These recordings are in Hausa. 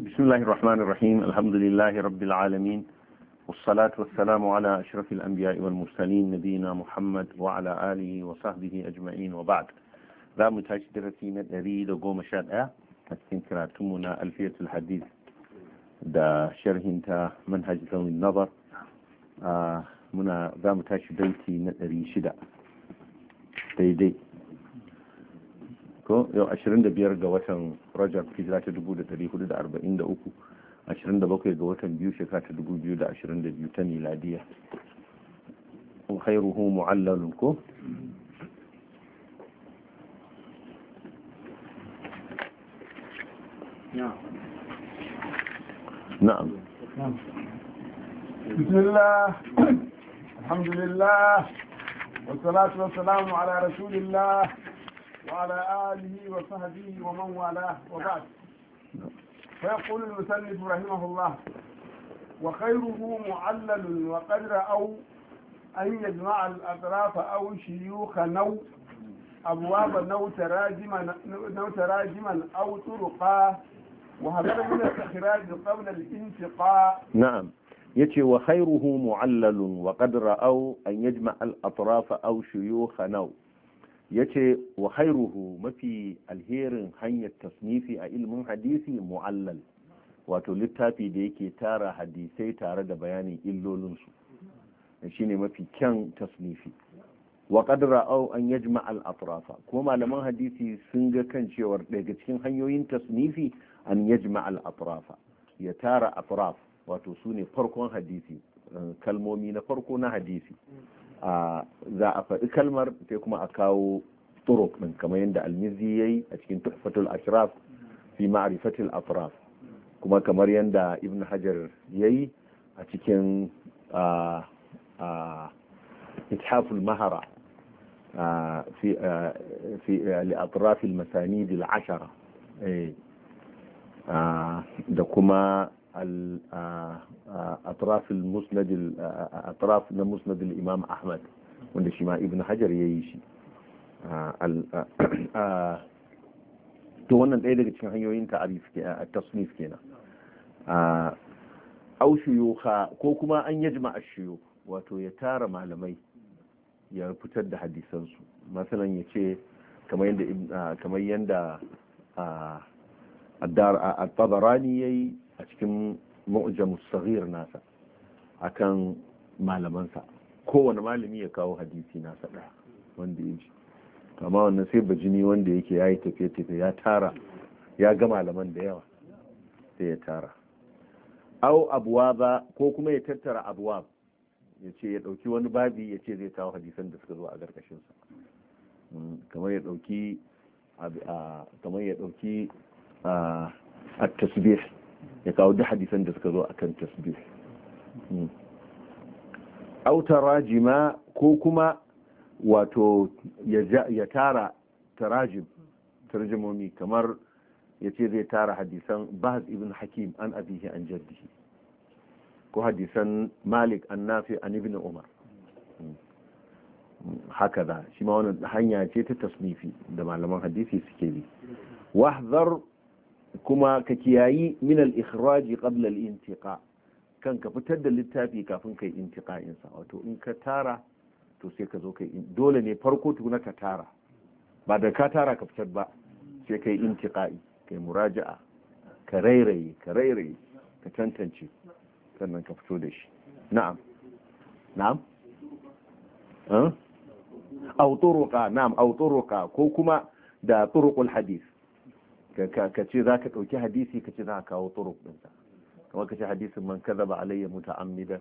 بسم الله الرحمن الرحيم الحمد لله رب العالمين والصلاة والسلام على أشرف الأنبياء والمرسلين نبينا محمد وعلى آله وصحبه أجمعين وبعد لا متاشدر فينا دريد وقوم شاد أتكين كراتمنا ألفية الحديث دا شرح انت منهج ذوي النظر آه منا ذا متاشدر فينا دريشدا ديدي ko yau 25 ga watan rajab hijira ta 1443 27 ga watan biyu shekara ta 2022 ta miladiya khairuhu mu'allalun ko na'am bismillah alhamdulillah والصلاة والسلام على رسول الله وعلى آله وصحبه ومن والاه وبعد فيقول المسلف رحمه الله وخيره معلل وقد رأوا أن يجمع الأطراف أو شيوخ نو أبواب نو تراجما, نو تراجما أو طرقا وهذا من الاستخراج قبل الانتقاء نعم يتي وخيره معلل وقد رأوا أن يجمع الأطراف أو شيوخ نو yace wa khairuhu mafi alherin hanyar tasnifi a ilimin hadisi mu'allal wato littafi da yake tara hadisai tare da bayanin illolinsu shine mafi kyan tasnifi wa qadra au an yajma al atrafa kuma malaman hadisi sun ga kan cewar daga cikin hanyoyin tasnifi an yajma al atrafa ya tara atraf wato sune farkon hadisi eh, kalmomi na farko na hadisi za a faɗi kalmar sai kuma a kawo turuk ɗin kamar yadda almizi ya yi a cikin tuhfatul ashraf fi maarifatul afraf kuma kamar yadda ibn hajar ya yi a cikin ithaful mahara fi li'atrafil Masani al-ashara eh, da kuma atraf المسند الاطراف na الامام imam ahmad wanda shi ma ibn hajar ya yi shi to wannan ɗaya daga cikin hanyoyin ta'arif a tasnif kenan au shuyuka ko kuma an yajma a shuyukh wato ya tara malamai ya fitar da hadisansu masalan yace kamar yadda kamar yadda الدار الطبراني a cikin mu'jamus sagir nasa akan malamansa kowane malami ya kawo hadisi nasa ɗaya wanda ya ji amma wannan sai bajini wanda yake ya tafiye-tafiye ya tara ya ga malaman da yawa sai ya tara au abuwa ba ko kuma ya tattara abuwa ya ce ya ɗauki wani babi ya ce zai kawo hadisan da suka zo a sa hmm, kamar ya ɗauki kamar ya dauki a tasbih ya kawo duk hadisan da suka zo akan tasbih hmm. aw tarajima ko kuma wato ya tara tarajim tarjumomi kamar yace zai tara hadisan bahaz ibn hakim an abihi an jaddihi ko hadisan malik an nafi an ibn umar hmm. haka da shi ma wannan hanya ce ta tasnifi da malaman hadisi suke bi wahzar kuma ka kiyayi min al-ikhraji qabla al-intiqa kan ka fitar da littafi kafin kai intiqa'in sa wato in ka tara to sai ka zo kai dole ne farko tukuna ka tara ba da ka tara ka fitar ba sai kai intiqa'i kai muraja'a ka rairaye ka rairaye ka tantance sannan ka fito da shi na'am na'am autoroka na'am autoroka ko kuma da turuqul hadith ka ce za ka ɗauki hadisi ka ce za ka kawo turuk ɗinsa kamar ka ce hadisin man kaza ba alayya muta'ammidan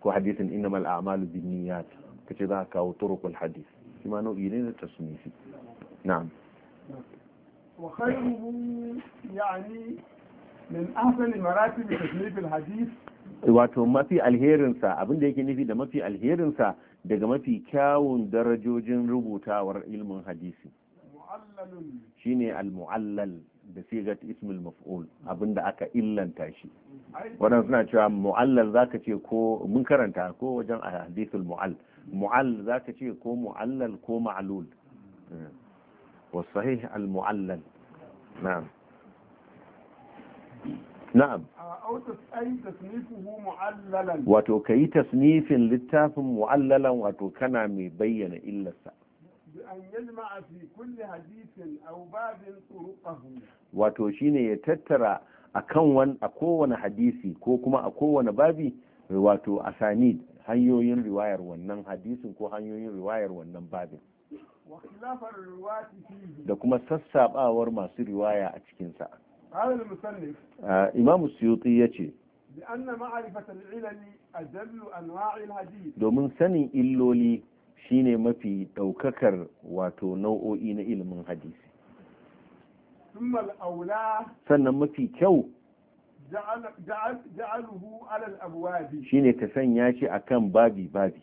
ko hadisin innamal a'malu bin niyyat ka ce za ka kawo turukul hadis shi ma nau'i ne na tasnifi na'am wa khayruhu ya'ni min ahsani maratib tasnif al hadis wato mafi alherinsa abinda yake nufi da mafi alherinsa daga mafi kyawun darajojin rubutawar ilmin hadisi shine al-mu'allal da sigat ismul maf'ul abinda aka illanta shi waɗansu suna cewa mu'allal zaka ce ko mun karanta ko wajen hadithul mu'all mu'all zaka ce ko mu'allal ko ma'lul eh. wa sahih al-mu'allal na'am na'am wato kayi tasnifin littafin mu'allalan wato kana mai bayyana illarsa بأن يجمع في كل حديث أو باب طرقه واتو شيني يتترى أكون أكون حديثي كوكما أكون بابي واتو أسانيد hanyoyin riwayar wannan hadisin ko hanyoyin riwayar wannan babin da kuma sassabawar masu riwaya a cikinsa imamu suyuti ya ce domin sanin illoli shine mafi ɗaukakar wato nau'o'i na ilimin hadisi sannan mafi kyau ja'aluhu shine ka sanya shi akan babi babi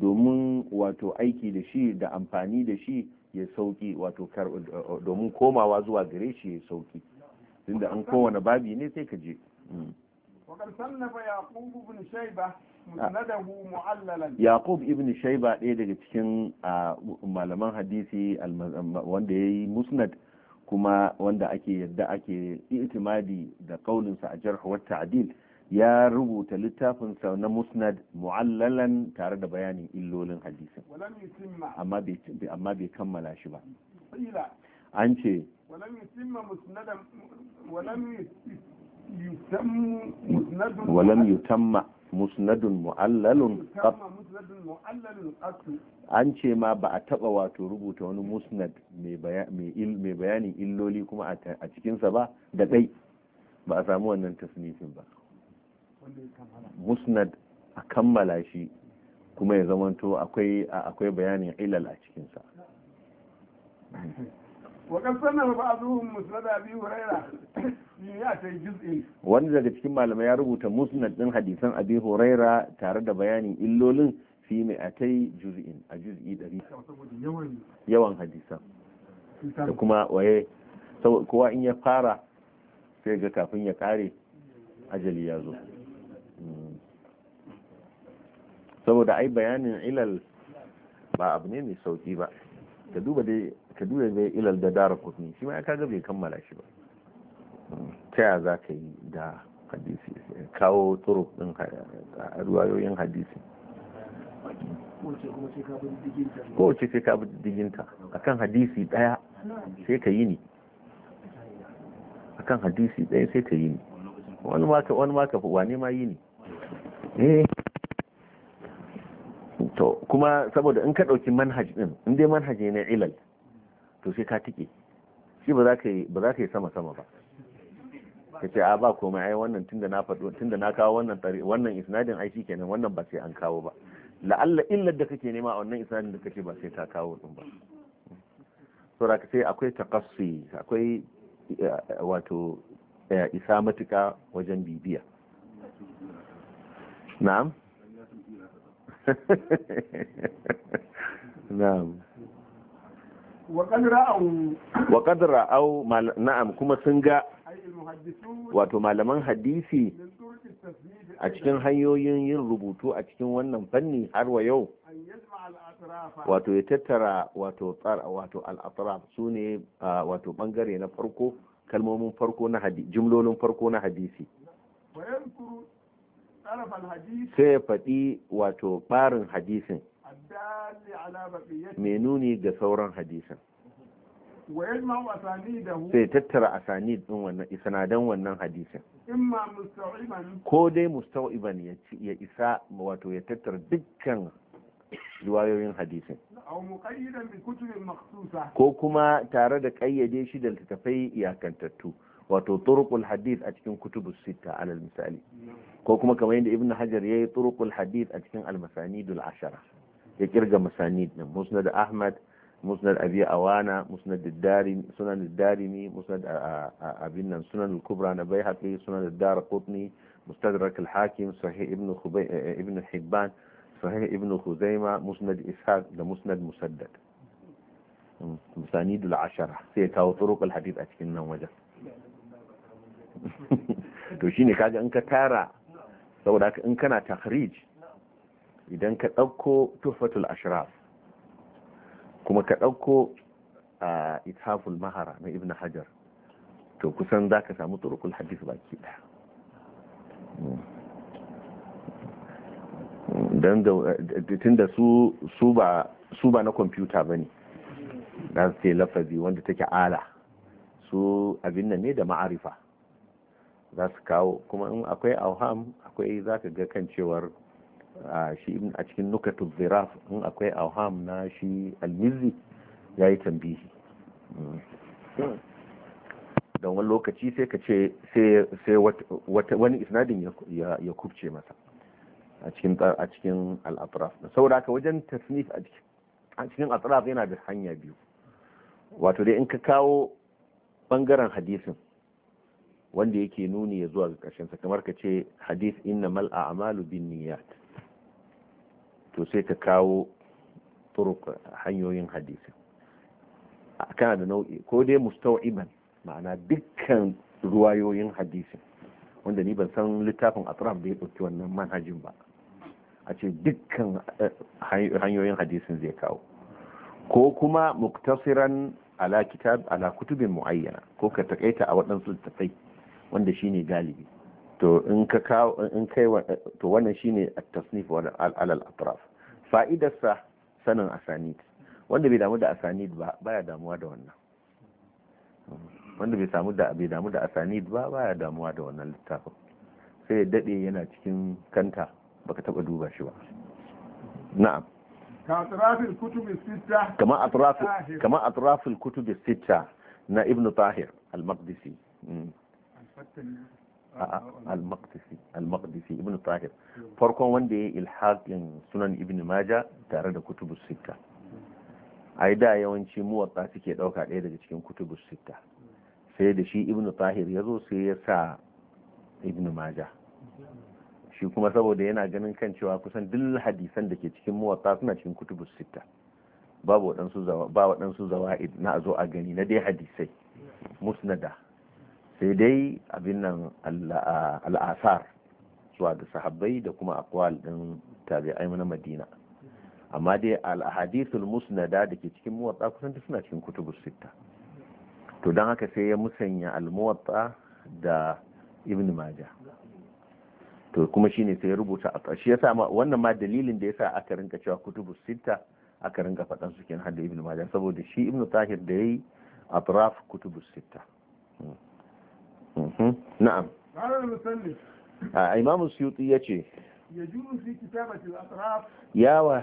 domin wato aiki da shi da amfani da shi ya sauki wato domin komawa zuwa gare shi ya sauki tunda an kowane babi ne sai ka je hmm. وقد صنف يعقوب بن شيبة Yaqub ibn Shaiba ɗaya daga cikin malaman hadisi wanda ya yi musnad kuma wanda ake yadda ake itimadi da kaulinsa a jarh wa ta'dil ya rubuta littafinsa na musnad mu'allalan tare da bayanin illolin hadisin amma bai kammala shi ba an ce ولم يتم مسند معلل قط an ce ma ba a taba wato rubuta wani musnad mai bayanin illoli kuma a cikinsa ba da ɗai ba a samu wannan tasnifin ba musnad a kammala shi kuma ya zamanto akwai bayanin ilal a cikinsa وقد سنه بعضهم مسند ابي هريره wani daga cikin malamai ya rubuta musnad din hadisan abi huraira tare da bayanin illolin fi mai yi juz'in a juz'i ɗari yawan hadisan da kuma waye kowa in ya fara sai ga kafin ya kare ajali ya zo saboda ai bayanin ilal ba abu ne mai sauki ba ka duba dai ka duba ga ilal da dara kutni shi ma ya kaga bai kammala shi ba ta ya za ka yi da hadisi kawo tsoro ɗin ruwayoyin hadisi kowace sai ka bi a kan hadisi ɗaya sai ka yi ni kan hadisi ɗaya sai ka yi ni wani maka wani maka wane ma yi ni eh. to kuma saboda in ka ɗauki manhaj ɗin in dai manhaj ne na ilal to sai ka tike shi ba za ka yi sama sama ba ka ce a ba komai ai wannan tunda na faɗo tunda na kawo wannan tare wannan isnadin ai shi kenan wannan ba sai an kawo ba la'alla illar da kake nema a wannan isnadin da kake ba sai ka kawo din ba to da sai akwai takassi akwai eh, wato eh, isa matuka wajen bibiya na'am na'am wa qad na'am kuma sun ga wato malaman hadisi a cikin hanyoyin yin rubutu a cikin wannan fanni har wa yau wato ya tattara wato tsar wato al'atraf su ne wato bangare na farko kalmomin farko na hadisi jimlolin farko na hadisi sai ya faɗi wato ɓarin hadisin mai nuni ga sauran hadisan sai tattara asanid din wannan isanadan wannan hadisin ko dai musta'iban ya isa wato ya tattara dukkan riwayoyin hadisan. ko kuma tare da kayyade shi da littattafai iyakantattu wato turuqul hadith a cikin kutubus sita alal misali ko kuma kamar yadda ibnu hajar yayi turuqul hadith a cikin al-masanidul ashara ya kirga musanid din musnad ahmad musnad abi awana musnad darimi sunan darimi musnad abin nan sunan al-kubra na baihaqi sunan ad-darqutni mustadrak al-hakim sahih ibn khubay eh, eh, ibn hibban sahih ibn khuzaima musnad ishaq da musnad musaddad masanidul hmm, ashara sai ya kawo turuq al-hadith a cikin nan wajen to shine kaga in ka tara saboda in kana tahrij idan ka ɗauko tufatul ashraf kuma ka ɗauko a itaful mahara na ibn hajar to kusan za ka samu turukul hadis baki ɗaya don da su ba na kwamfuta ba ne na sai lafazi wanda take ala su abin nan ne da ma'arifa za su kawo kuma in akwai auham akwai za ka ga kan cewar shi a cikin nukatu ziraf in akwai auham na shi almizi ya yi tambihi don wani lokaci sai ka ce sai wani isnadin ya kubce masa a cikin a da al'atraf wajen tasnif a cikin atraf yana da hanya biyu wato dai in ka kawo bangaren hadisin wanda yake nuni ya zuwa ga sa, kamar ka ce hadis inna mal'a a'malu bin niyat to sai ka kawo turuk hanyoyin hadisi kana da nau'i ko dai mustawiban ma'ana dukkan ruwayoyin hadisi wanda ni ban san littafin atraf da ya ɗauki wannan manhajin ba a ce dukkan eh, hanyoyin hadisin zai kawo ko kuma muktasiran ala kitab ala kutubin muayyana ko ka takaita a waɗansu littattafai wanda shine galibi to in ka kawo in kai to wannan shine at-tasnif wal al-atraf fa'idarsa sanin asanid wanda bai damu da asanid ba baya damuwa da wannan wanda bai samu da bai damu da asanid ba baya damuwa da wannan littafin sai ya dade yana cikin kanta baka taba duba shi ba na'am kama atrafil kama atraf al-kutub na ibn tahir al-maqdisi hmm. al-maqdisi ibn tahir farkon wanda ya yi ilhaqin sunan ibn maja tare da kutubus sitta hmm. ai da yawanci muwatta suke dauka ɗaya daga cikin kutubus sitta hmm. sai da shi ibn tahir ya zo sai ya sa ibn maja hmm. shi kuma saboda yana ganin kan cewa kusan duk hadisan da ke cikin muwatta suna cikin kutubus sitta babu waɗansu ba waɗansu zawa'id na a zo a gani na dai hadisai musnada sai dai abin nan al'asar zuwa da sahabbai da kuma akwal din tabi'ai na madina amma dai al'ahadithul musnada da ke cikin muwatsa kusan duk suna cikin kutubu sita to don haka sai ya musanya al-muwatta da ibn maja to kuma shine sai ya rubuta a shi yasa ma wannan ma dalilin da ya sa aka rinka cewa kutubusitta sita aka rinka faɗan su kin hadda ibn maja saboda shi ibn tahir da yayi atraf Abraf Kutubusitta. Hmm. Mhm. na'am imamu suyuti ya ce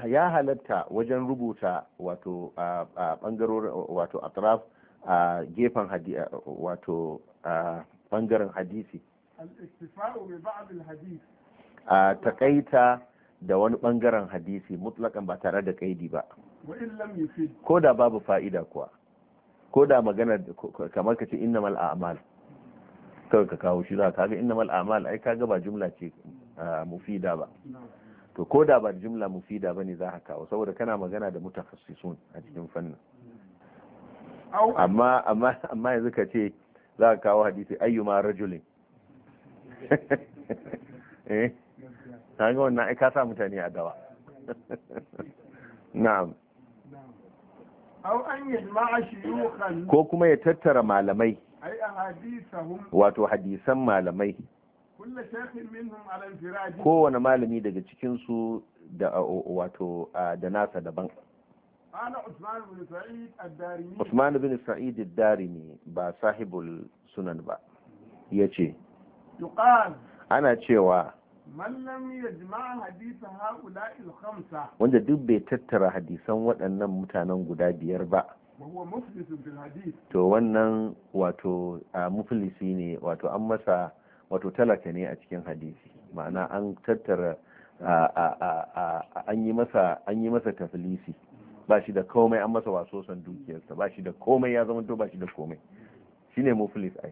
ya halatta wajen rubuta wato a bangarorin wato atraf a gefen wato bangaren hadisi a takaita da wani bangaren hadisi mutlakan ba tare da kaidi ba ko da babu fa'ida kuwa ko da magana kamar ka ce innamal a'mal kawai ka kawo shi za ka ga innamal a'mal ai kaga ba jumla ce ah, mufida ba to ko da ba jumla mufida bane za ka kawo saboda kana magana da mutakhassisun a cikin fannin amma amma amma yanzu ka ce za ka kawo hadisi ayyuma rajulin eh ta ga wannan ai ka sa mutane a dawa na'am ko kuma ya tattara malamai wato hadisan malamai kowane malami daga cikinsu da wato da nasa daban Usman bin Sa'id ad-Darimi ba sahibul sunan ba yace ana cewa wanda duk bai tattara hadisan waɗannan mutanen guda biyar ba to wannan wato a muflisi ne wato an masa wato talaka ne a cikin hadisi ma'ana an tattara an yi masa an yi masa tafilisi ba shi da komai an masa waso san dukiyarsa ba shi da komai ya zama to ba shi da komai shine muflis ai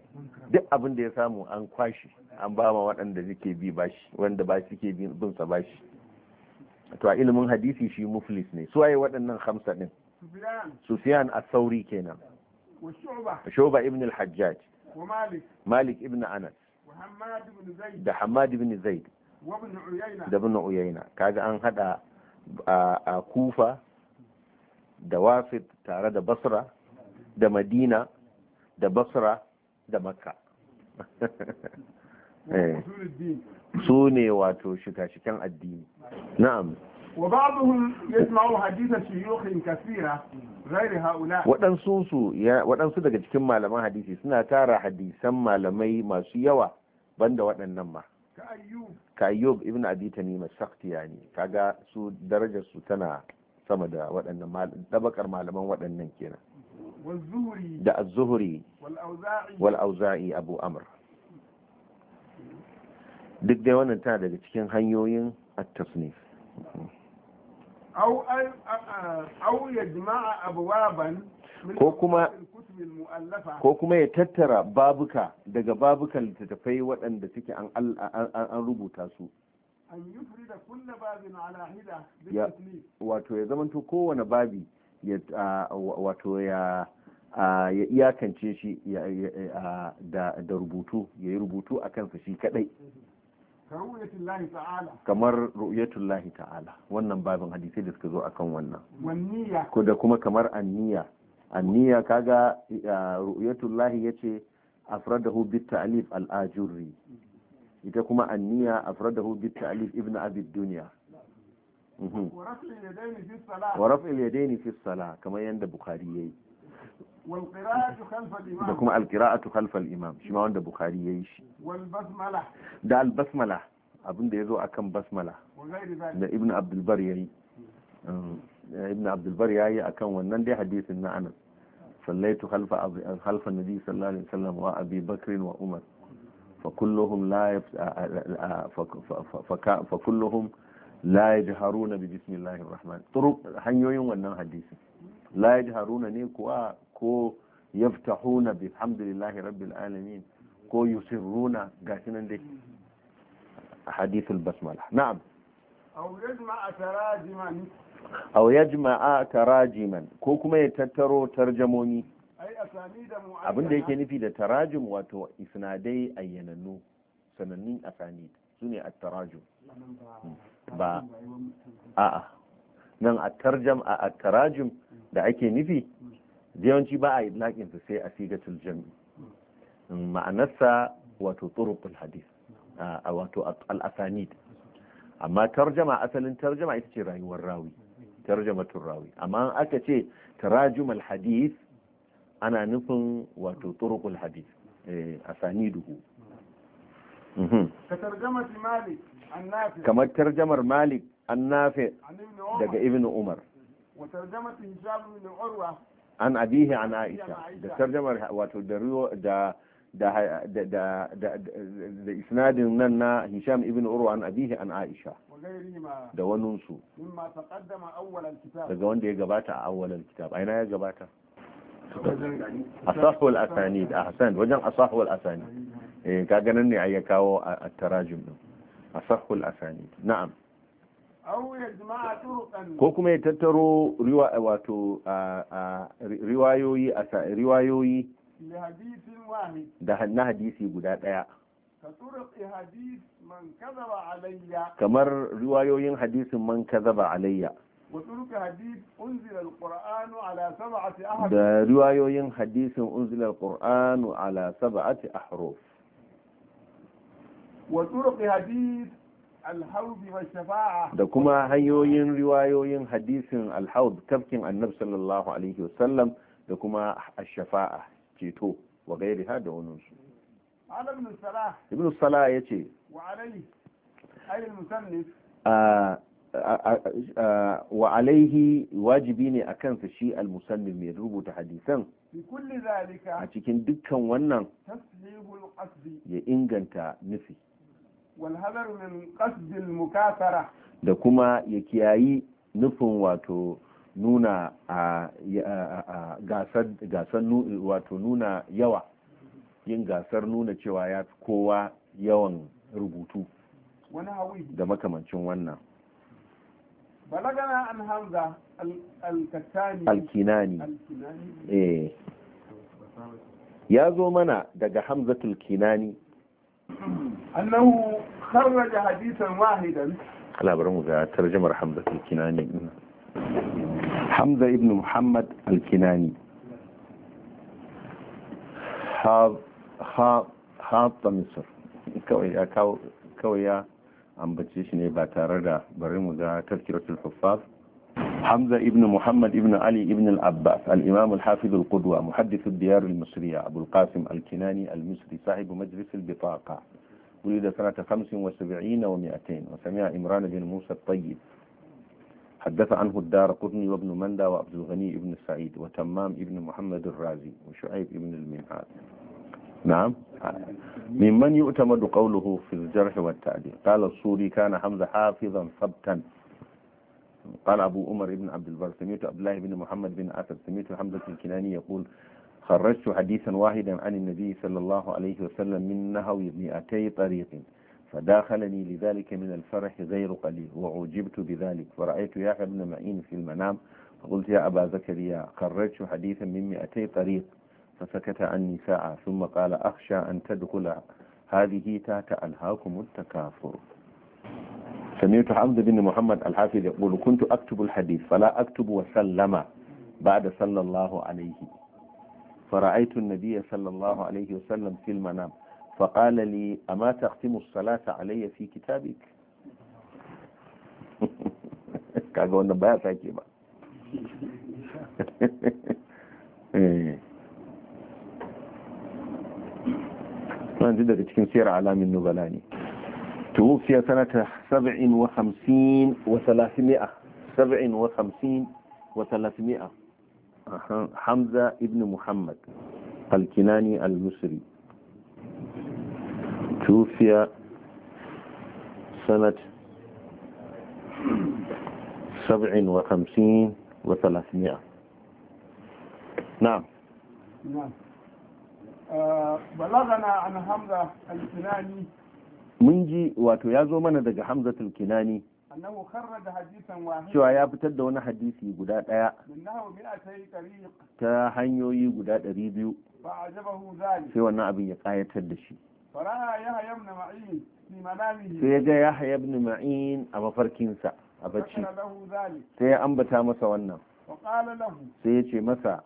duk abin da ya samu an kwashi an ba ma waɗanda suke bi bashi wanda ba suke bin sa bashi to a ilimin hadisi shi muflis ne su waye waɗannan hamsa din Sufyan al-Thawri kenan Shuba ibn al Malik ibn Anas da Hamad ibn Zaid da ibn Uyayna kaga an haɗa a da Wafid tare da Basra da Madina da Basra da Makka eh. su ne wato shiga shikan addini na'am وبعضهم يسمعوا حديث شيوخ كثيرة غير هؤلاء waɗansu ودان سو daga cikin malaman hadisi suna tara hadisan malamai masu yawa banda waɗannan ma ka ayyub ibn abi tanima yani kaga su darajar su tana sama da waɗannan dabakar malaman waɗannan kenan da az-zuhri wal auza'i abu amr duk dai wannan tana daga cikin hanyoyin at-tasnif ko kuma ya tattara babuka daga babukan littattafai waɗanda suke an rubuta su wato ya zamanto kowane babi wato ya iyakance shi da rubutu ya yi rubutu a kansa shi kadai mhm. kamar ru'yatullahi ta'ala wannan babin hadisai da suka zo akan wannan ko da kuma kamar anniya anniya kaga ru'yatullahi yace afradahu bit ta'lif al-ajurri ita kuma anniya afradahu bit ta'lif ibnu abi dunya mhm. wa raf'il yadaini fi salah kamar yanda bukhari yayi da kuma alqira'atu khalfa imam shi ma wanda bukhari ya yi shi da al-basmala abinda a kan basmala da ibn Abdulbar ya yi eh, ibn abdul bar yayi akan wannan dai hadisin na anas sallaitu khalfa khalfa nabi sallallahu alaihi wasallam wa abi Bakrin wa umar فكلهم لا يف... فكلهم لا يجهرون ببسم hanyoyin wannan hadisin la yajharuna ne kuwa ko yaftahuna bi hamdulillahi rabbil alamin ko yusirruna gashi nan dai hadithul basmala na'am aw yajma'a tarajiman ko kuma ya tattaro tarjamomi abin da yake nufi da tarajum wato isnadai ayyanannu sanannun su sune at-tarajum ba a'a nan at-tarjam a at-tarajum da ake nufi yawanci ba a yi laƙinsa sai a sigatul jami mm, ma'anarsa wato turuqul hadis a wato alasanid amma tarjama asalin tarjama ita ce rayuwar rawi tarjamatul rawi amma aka ce tarajumal hadis ana nufin wato turuqul hadith eh, asanidu. Mhm. kamar tarjamar malik an nafe daga ibn umar وترجمة هشام بن عروة an abihi an aisha da tarjamar wato da da da da isnadin nan na hisham ibn urwa an abihi an aisha da su daga wanda ya gabata a awalan kitab aina ya gabata asahu al-asanid ahsan wajen asahu al-asanid eh ka ganin ne ai ya kawo at-tarajum din asahu al-asanid na'am ko kuma ya tattaro wato riwayoyi a riwayoyi na hadisi guda ɗaya kamar riwayoyin hadisin man kazaba alayya da riwayoyin hadisin unzilar alqur'anu ala sab'ati ahruf wa turuq hadith da kuma hanyoyin riwayoyin hadisin alhaud tafkin annabi sallallahu alaihi wasallam da kuma ashafa'a ceto wa gairi ha da wani su ibn salah ya ce wa alaihi wajibi ne a kansa shi al-musannif mai rubuta hadisan a cikin dukkan wannan ya inganta nufi da kuma ya kiyayi nufin wato nuna a gasar wato nuna yawa yin gasar nuna cewa ya fi kowa yawan rubutu da makamancin wannan balagana an hamza alkinani eh. ya zo mana daga hamza kinani أنه خرج حديثا واحدا لا برمو ترجمة حمزة الكناني حمزة ابن محمد الكناني حاض حاض حاض مصر كوي يا كوي يا أم بتشيش نبات ردا تذكرة الحفاظ حمزة ابن محمد ابن علي ابن العباس الإمام الحافظ القدوة محدث الديار المصرية أبو القاسم الكناني المصري صاحب مجلس البطاقة ولد سنة 75 و200 وسمع إمران بن موسى الطيب حدث عنه الدار قطني وابن مندى وعبد الغني ابن سعيد وتمام ابن محمد الرازي وشعيب ابن المنعاد نعم ممن يؤتمد قوله في الجرح والتعديل قال السوري كان حمزة حافظا ثبتا قال أبو عمر بن عبد البر سميت عبد الله بن محمد بن أسد سميت حمزة الكناني يقول خرجت حديثا واحدا عن النبي صلى الله عليه وسلم من نهو مئتي طريق فداخلني لذلك من الفرح غير قليل وعجبت بذلك فرأيت يحيى بن معين في المنام فقلت يا أبا زكريا خرجت حديثا من مئتي طريق فسكت عني ساعة ثم قال أخشى أن تدخل هذه تحت ألهاكم التكاثر سمعت حمد بن محمد الحافظ يقول كنت أكتب الحديث فلا أكتب وسلم بعد صلى الله عليه فرأيت النبي صلى الله عليه وسلم في المنام فقال لي أما تختم الصلاة علي في كتابك kaga wannan baya sake ba wannan daga cikin siyar alamin nubala ne توفي سنة سبع وخمسين وثلاثمائة سبع وخمسين وثلاثمائة حمزة ابن محمد الكناني المصري توفي سنة سبع وخمسين وثلاثمائة نعم نعم آه، بلغنا عن حمزة الكناني mun ji wato ya zo mana daga hamzatul kinani cewa ya fitar da wani hadisi guda ɗaya ta hanyoyi guda ɗari biyu sai wannan abin ya ƙayatar da shi sai ya ga yahya ibn ma'in a mafarkinsa a bacci sai ya ambata masa wannan sai ya ce masa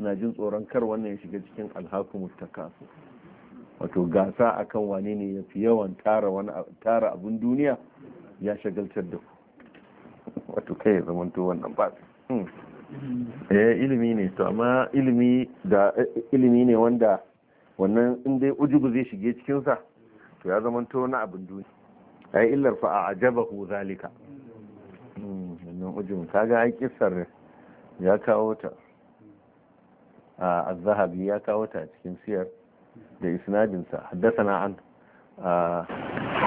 na jin tsoron kar wannan ya shiga cikin alhakumu takasu wato gasa akan wane ne ya fi yawan tara abin duniya ya shagaltar da ku wato kai zamanto wannan ba hmm. eh ilimi ne to amma ilimi da ilimi ne wanda wannan in dai ujubu zai shige cikinsa to ya zamanto wani abin duniya ai illar fa a ajabahu zalika ibn ujum kaga ai kissar ya kawo ta a az-zahabi ya kawo ta cikin siyar da isnadin sa haddathana an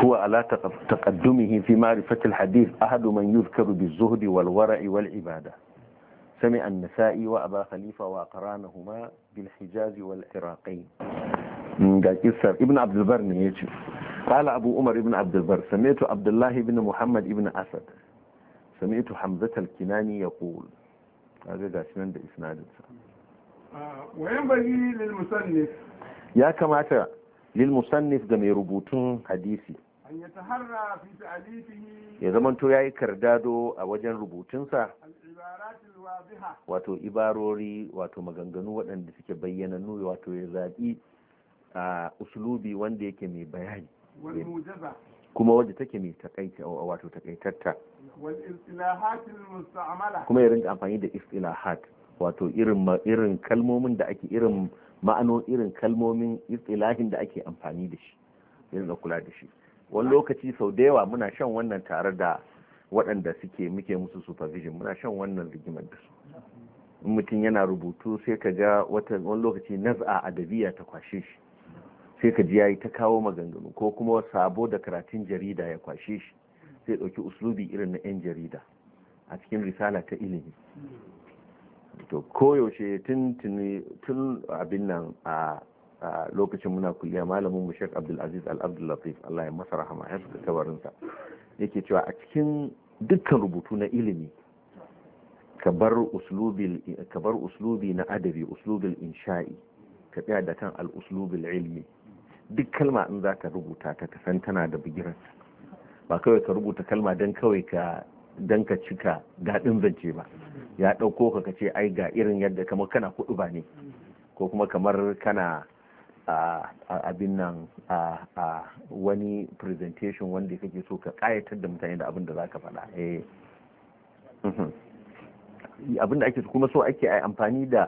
huwa ala taqaddumihi fi ma'rifati al-hadith ahadu man yuzkaru bi-zuhd wal-wara'i wal-ibada sami an-nasa'i wa aba khalifa wa qaranahuma bil-hijaz wal-iraqain ga kissar ibn abdul bar ne yace قال أبو أمر بن عبد البر سميته عبد الله بن محمد بن أسد سمعت حمزة الكناني يقول هذا gashi nan da isnadinsa Ya kamata يا كما للمصنف da mai rubutun hadisi ya zamanto ya yi kardado a wajen rubutunsa wato ibarori wato maganganu waɗanda suke bayyana nuni wato ya zaɓi a usulubi wanda yake mai bayani kuma wadda take mai a wato takaitatta kuma ya rinka amfani da istilahat wato irin irin kalmomin da ake irin ma'ano irin kalmomin istilahin da ake amfani da shi irin kula da shi wani lokaci sau da yawa muna shan wannan tare da waɗanda suke muke musu supervision muna shan wannan rigimar da su mutum yana rubutu sai ka ga wani lokaci naz'a adabiya ta kwashe shi sai ka ji yayi ta kawo maganganu ko kuma sabo da karatun jarida ya kwashe shi sai ɗauki uslubi irin na 'yan jarida a cikin risala ta ilimi to koyaushe tun tun abin nan a lokacin muna kulliya malamin mu Sheikh Abdul Aziz Al Abdul Latif Allah ya masa rahama ya suka tabarinsa yake cewa a cikin dukkan rubutu na ilimi ka bar uslubi na adabi uslubil insha'i ka tsaya da kan al uslubil ilmi duk kalma in za ka rubuta ta ka tana da bigirarta ba kawai ka rubuta kalma don kawai ka don ka cika daɗin zance ba ya ɗauko ka ka ce ai ga irin yadda kamar kana kuɗu ba ne ko kuma kamar kana abin nan a wani presentation wanda kake so ka ƙayatar da mutane da abin da za ka faɗa eh. mhm. abin da ake kuma so ake amfani da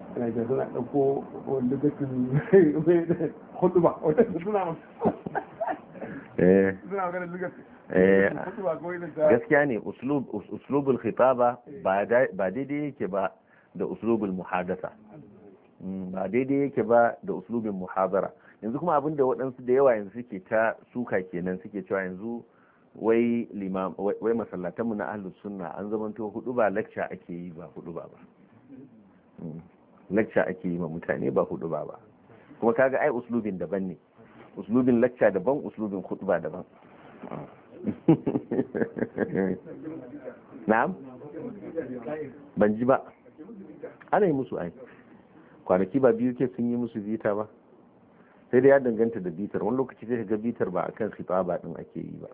daga suna ɗauko wanda gaskin hudu ba suna masu eh. suna maganin eh. lugaskin gaskiya ne uslubul khitaba ba daidai yake ba da uslubul muhadasa mm, ba daidai yake ba da uslubin muhabara yanzu kuma abin da waɗansu da yawa yanzu suke ta suka kenan suke cewa yanzu wai limam wai masallatanmu na ahlus sunna an zamanto hudu ba lecture ake yi ba hudu ba ba mm. lacca ake yi ma mutane ba hudu ba ba kuma kaga ai uslubin daban ne uslubin lacca daban uslubin ba daban na'am ban ji ba ana yi musu ai kwanaki ba biyu ke sun yi musu bitar ba sai da ya danganta da bitar wani lokaci sai ga bitar ba akan ba din ake yi ba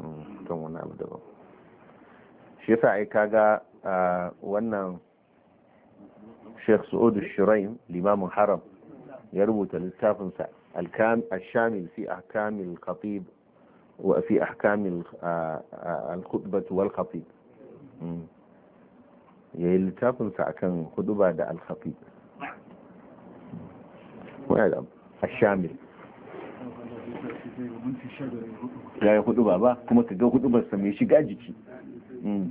hmm, kan wani abu daban shi yasa ai kaga ah, wannan Sheikh Su'ud Shiraim limamin haram ya rubuta littafinsa al-shamil fi ahkamil khatib wa fi uh, uh, al-khutbah wal khatib yayi mm. littafinsa akan huduba da al ya yi huduba mm. ba kuma ka ga hudubarsa mai shiga jiki mm.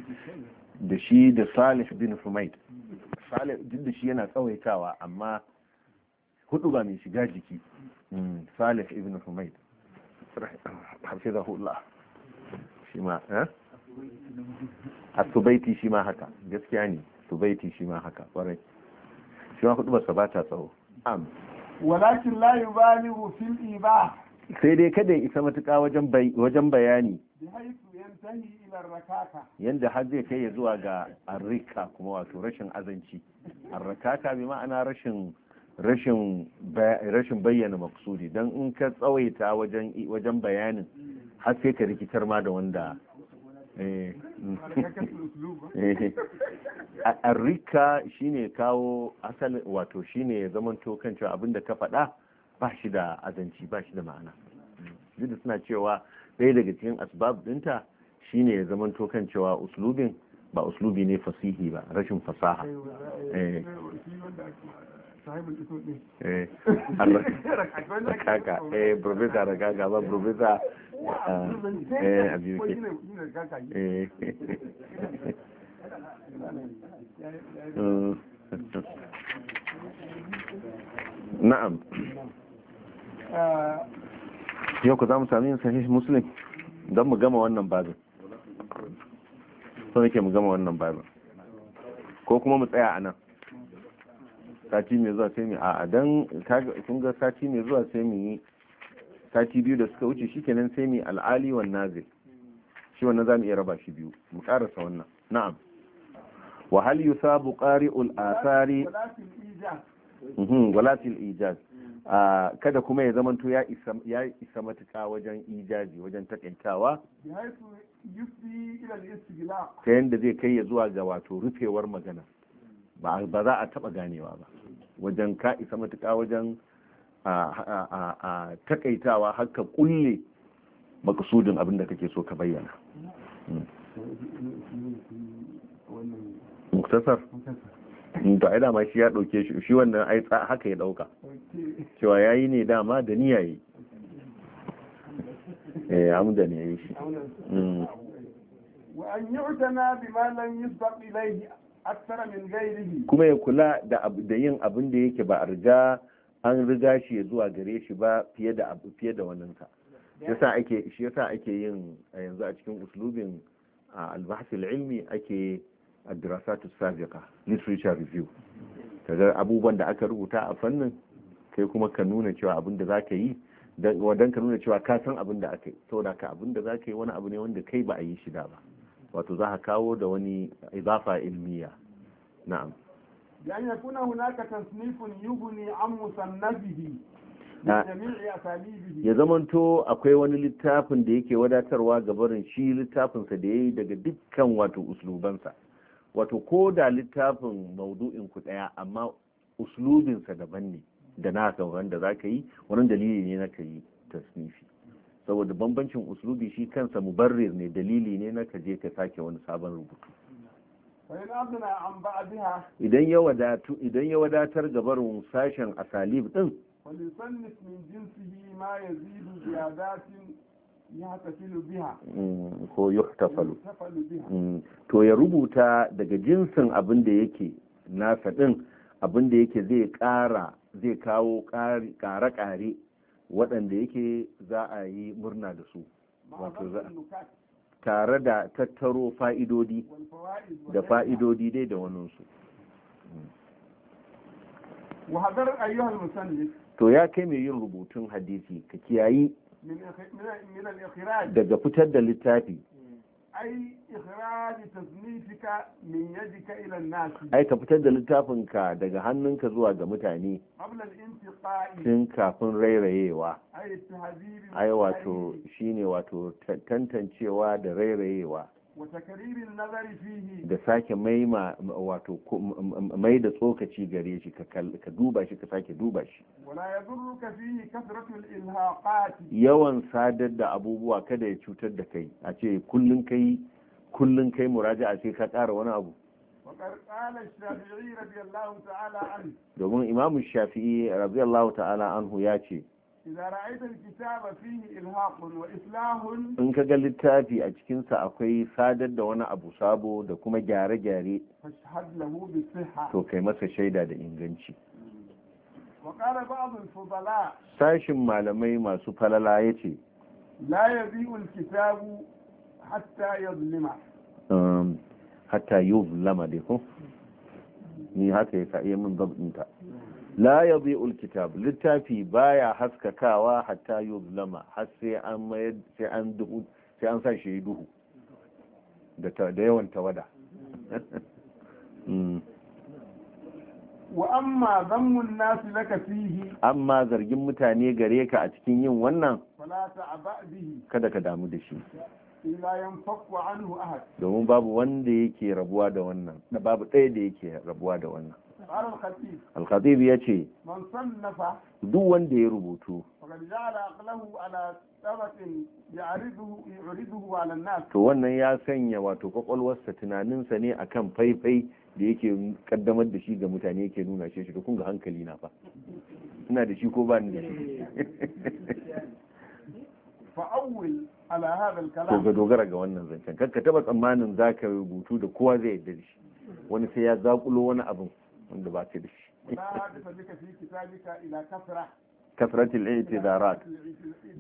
da shi da Salih bin Humaid salih duk da shi yana tsawaitawa amma hudu ba mai shiga jiki hmm, salih ibn humaid hafizahullah shi ma eh asubaiti shi ma haka gaskiya ne subaiti shi ma haka kwarai shi ma hudu ba ta tsawo am walakin la yubaligu fil ibah sai dai kada ya isa matuƙa wajen bayani yadda har zai kai ya zuwa ga arrika kuma wato rashin azanci arrakaka bi ma'ana rashin rashin bayyana maksudi don in ka tsawaita wajen bayanin har sai ka rikitar ma da wanda eh, arrika shine kawo asali wato shine ya zamanto kan cewa abinda ka faɗa ba shi da azanci ba shi da ma'ana duk da suna cewa ɗaya daga cikin asbab dinta shine ya to kan cewa uslubin ba uslubi ne fasihi ba rashin fasaha eh profesa rakaka ba profesa eh abiyu ke na'am yau ku za mu sami yin sahih muslim don mu gama wannan babin so nake mu gama wannan babin ko kuma mu tsaya a nan sati mai zuwa sai mu a dan kun ga sati mai zuwa sai mu yi sati biyu da suka wuce shikenan sai mu al'ali wannan zai? shi wannan mu iya raba shi biyu mu karasa wannan na'am wa hal yusabu qari'ul athari mhm walatil ijaz kada kuma ya zamanto ya isa matuka wajen ijaji wajen takaitawa ta yadda zai kai ya zuwa ga wato rufewar magana ba za a taɓa ganewa ba wajen ka isa matuka wajen takaitawa haka kulle makasudin abin da kake so ka bayyana hmm. muktasar hmm, to ai dama shi ya ɗauke shi shi wannan ai haka ya ɗauka. cewa ya yi ne dama da ni yi eh da ne ya yi shi mm. kuma ya kula da yin abin da yake ba a riga an riga shi zuwa gare shi ba fiye da abu fiye da ya yasa ake shi yasa ake yin yanzu a cikin uslubin albahth ilmi ake a dirasat as-sabiqa literature review kaga abubuwan da aka rubuta a fannin kai kuma ka nuna cewa abin da za ka yi wadan ka nuna cewa ka san abin da aka yi saboda ka abin da za ka yi wani abu ne wanda kai ba a yi shi da ba wato za ka kawo da wani izafa ilmiya na'am لأن يكون هناك تصنيف يغني عن مصنفه ya zamanto akwai wani littafin da yake wadatarwa ga barin shi littafinsa da ya yi daga dukkan wato uslubansa wato ko da littafin maudu'in ku ɗaya amma uslubinsa daban ne da na kan da za ka yi wani dalili ne na ka yi tasnifi saboda bambancin uslubi shi kansa mubarrir ne dalili ne na ka je ka sake wani sabon rubutu idan ya wadatu idan ya wadatar ga barin sashen asalib din mm, ko yuhtafalu mm, to ya rubuta daga jinsin abin da yake nasa din abin da yake zai ƙara zai kawo ƙare-ƙare waɗanda yake za a yi murna da su wato tare da tattaro fa'idodi da fa'idodi dai da waninsu to ya kai mai yin rubutun hadisi ka kiyayi daga fitar da littafi ai ihrari tasnifika min yadika ila an-nas ai ka fitar da littafinka daga hannunka zuwa ga mutane qabla al-intiqai tun kafin rairayewa ai wato shine wato tantancewa da rairayewa da sake maima wato mai da tsokaci gare shi ka duba shi ka sake duba shi yawan sadar da abubuwa kada ya cutar da kai a ce kullum kai muraja. kai a ce ka ƙara wani abu domin imamu shafi'i radiyallahu ta'ala anhu ya ce in ka ga littafi a cikinsa akwai sadar da wani abu sabo da kuma gyare-gyare to kai masa shaida da inganci sashin malamai masu falala ya ce la ya kitabu hatta hatta yi dai ko ni haka ya ka min zabinta la ya zai ulkitab littafi baya haskakawa hatta yuzlama har sai an mayar sai an duhu sai an sa shi duhu da da yawan tawada mm. wa amma zammun nasu laka fihi amma zargin mutane gare ka a cikin yin wannan kada ka damu da shi domin babu wanda yake rabuwa da wannan babu ɗaya da yake rabuwa da wannan al-khatib ya ce duk wanda ya rubutu to wannan ya sanya wato kwakwalwarsa tunaninsa ne a kan faifai da yake kaddamar da shi ga mutane yake nuna shi da kun ga hankali na fa ina da shi ko ba ni da shi fa'awil ala kalam to dogara ga wannan zancen kakka taba tsammanin zaka rubutu da kowa zai yarda da shi wani sai ya zakulo wani abin wanda ba ka da shi kasratul i'tidarat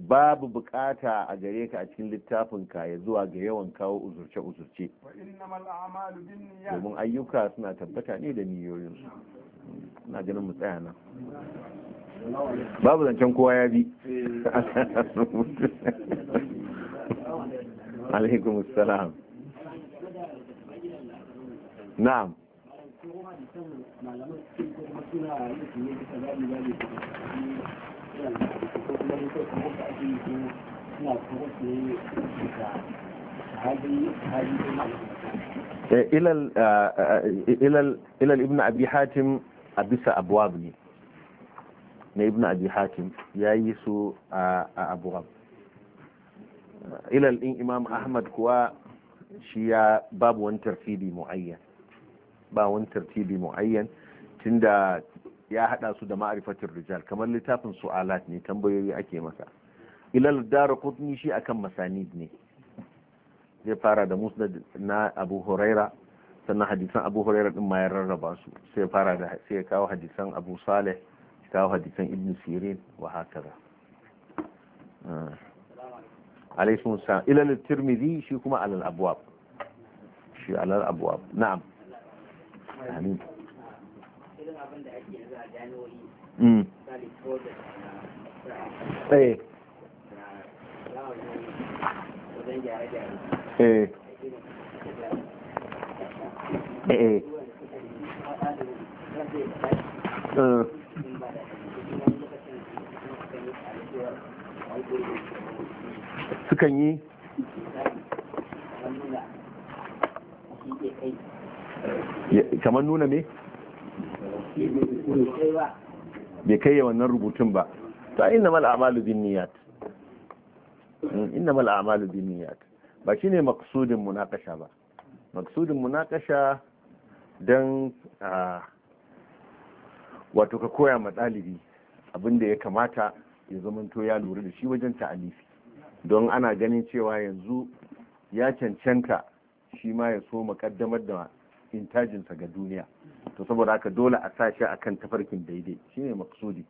babu bukata a gare ka a cikin littafin ka ya zuwa ga yawan kawo uzurce uzurce domin ayyuka suna tabbata ne da niyoyin su na ganin mu tsaya nan babu zancen kowa ya bi alaikum salam na'am ilal ibn abi hatim bisa abuwab ne na ibn abi ya yi su a abuwab ilal din imam ahmad kuwa shi ya babu wani tarfidi mu'ayyan ba wani tartibi muayyan tunda ya hada su da ma'rifatir rijal kamar littafin su'alat ne tambayoyi ake masa ilal dara kutni shi akan masanid ne zai fara da musnad na abu huraira sannan hadisan abu huraira din ma ya rarraba su sai fara da sai kawo hadisan abu saleh kawo hadisan ibn sirin wa hakaza ah. alaikum salam ilal tirmidhi shi kuma alal abwab shi alal abwab na'am amin ake a sukan yi kamar nuna me bai kai ya wannan rubutun ba ta inna mal a'malu bin niyyat hmm, inna mal a'malu bin niyyat ba shine maqsudin munakasha ba maqsudin munakasha dan wato ka koya ma dalibi, abin da ya kamata ya zamanto ya lura da shi wajen ta'alifi don ana ganin cewa yanzu ya cancanta shi ma ya so makaddamar da intajinsa ga duniya to saboda haka dole a sa shi akan tafarkin daidai shine maksudi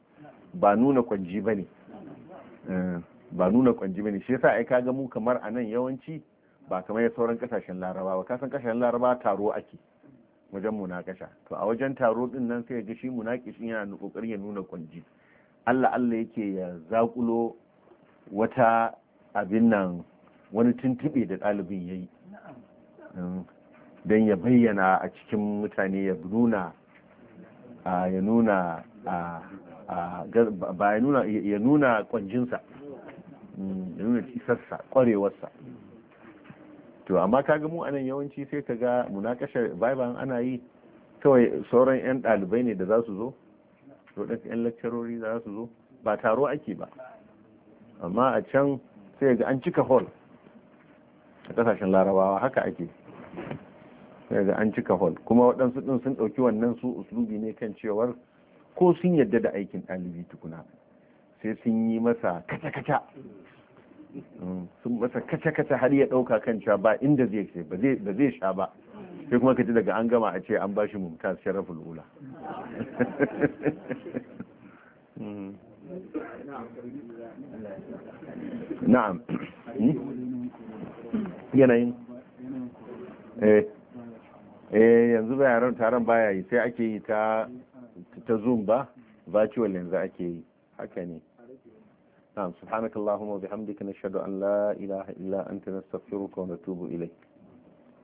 ba nuna kwanji bane eh, ba nuna kwanji bane shi yasa ai kaga mu kamar anan yawanci ba kamar ya sauran kasashen larabawa kasan kasashen laraba taro ake wajen mu na kasha to a wajen taro din nan sai ga shi munakishin yana kokarin ya nuna kwanji Allah Allah yake ya zakulo wata abin nan wani tuntube da ɗalibin yayi Dan ya bayyana a cikin mutane ya nuna ya nuna ya nuna mm, ya nuna kwanjinsa ya nuna kwarewarsa to amma kaga mu anan yawanci sai ka ga munakashar baiban ana yi kawai sauran 'yan ɗalibai ne da za su zo ɗan 'yan lakcarori za su zo ba taro ake ba amma a can sai ga an cika hall a ƙasashen larabawa haka ake daga an cika hol. kuma waɗansu ɗin sun ɗauki wannan su uslubi ne kan cewar ko sun yadda da aikin ɗalibi tukuna sai sun yi masa kaca-kaca mm, sun masa kaca-kaca har ya ɗauka kan cewa ba inda zai ce ba zai sha ba sai kuma ka ji daga an gama a ce an bashi mumtaz sharaful ula mm. na'am hmm? yanayin eh. eh yanzu ba yaran taron baya yi sai ake yi ta zoom ba virtual yanzu ake yi haka ne na'am subhanakallahumma hamdika na nashhadu an la an illa anta nastaghfiruka na tubu ilai.